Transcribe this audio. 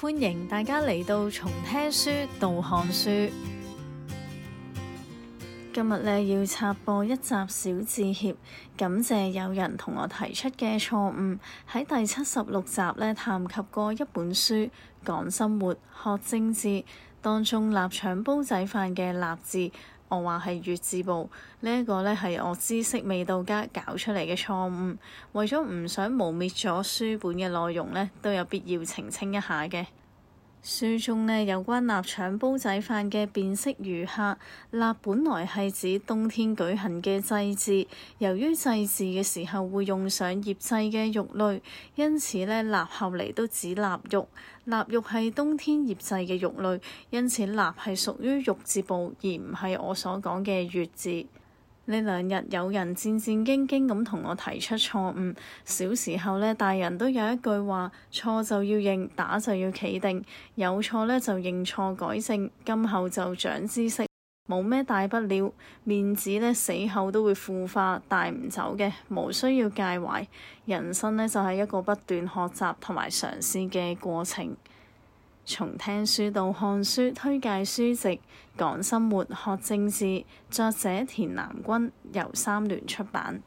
歡迎大家嚟到從聽書到看書。今日咧要插播一集小致歉，感謝有人同我提出嘅錯誤。喺第七十六集咧，談及過一本書《講生活學政治》，當中臘腸煲仔飯嘅臘字。我話係月字部呢一個咧，係我知識未到家搞出嚟嘅錯誤。為咗唔想磨滅咗書本嘅內容咧，都有必要澄清一下嘅。書中呢，有關臘腸煲仔飯嘅辨識如下，臘本來係指冬天舉行嘅祭祀，由於祭祀嘅時候會用上醃製嘅肉類，因此呢，臘後嚟都指臘肉。臘肉係冬天醃製嘅肉類，因此臘係屬於肉字部，而唔係我所講嘅月字。呢兩日有人戰戰兢兢咁同我提出錯誤，小時候咧，大人都有一句話：錯就要認，打就要企定，有錯咧就認錯改正，今後就長知識，冇咩大不了。面子咧，死後都會腐化帶唔走嘅，無需要介懷。人生咧就係一個不斷學習同埋嘗試嘅過程。從聽書到看書，推介書籍，講生活，學政治。作者田南君，由三聯出版。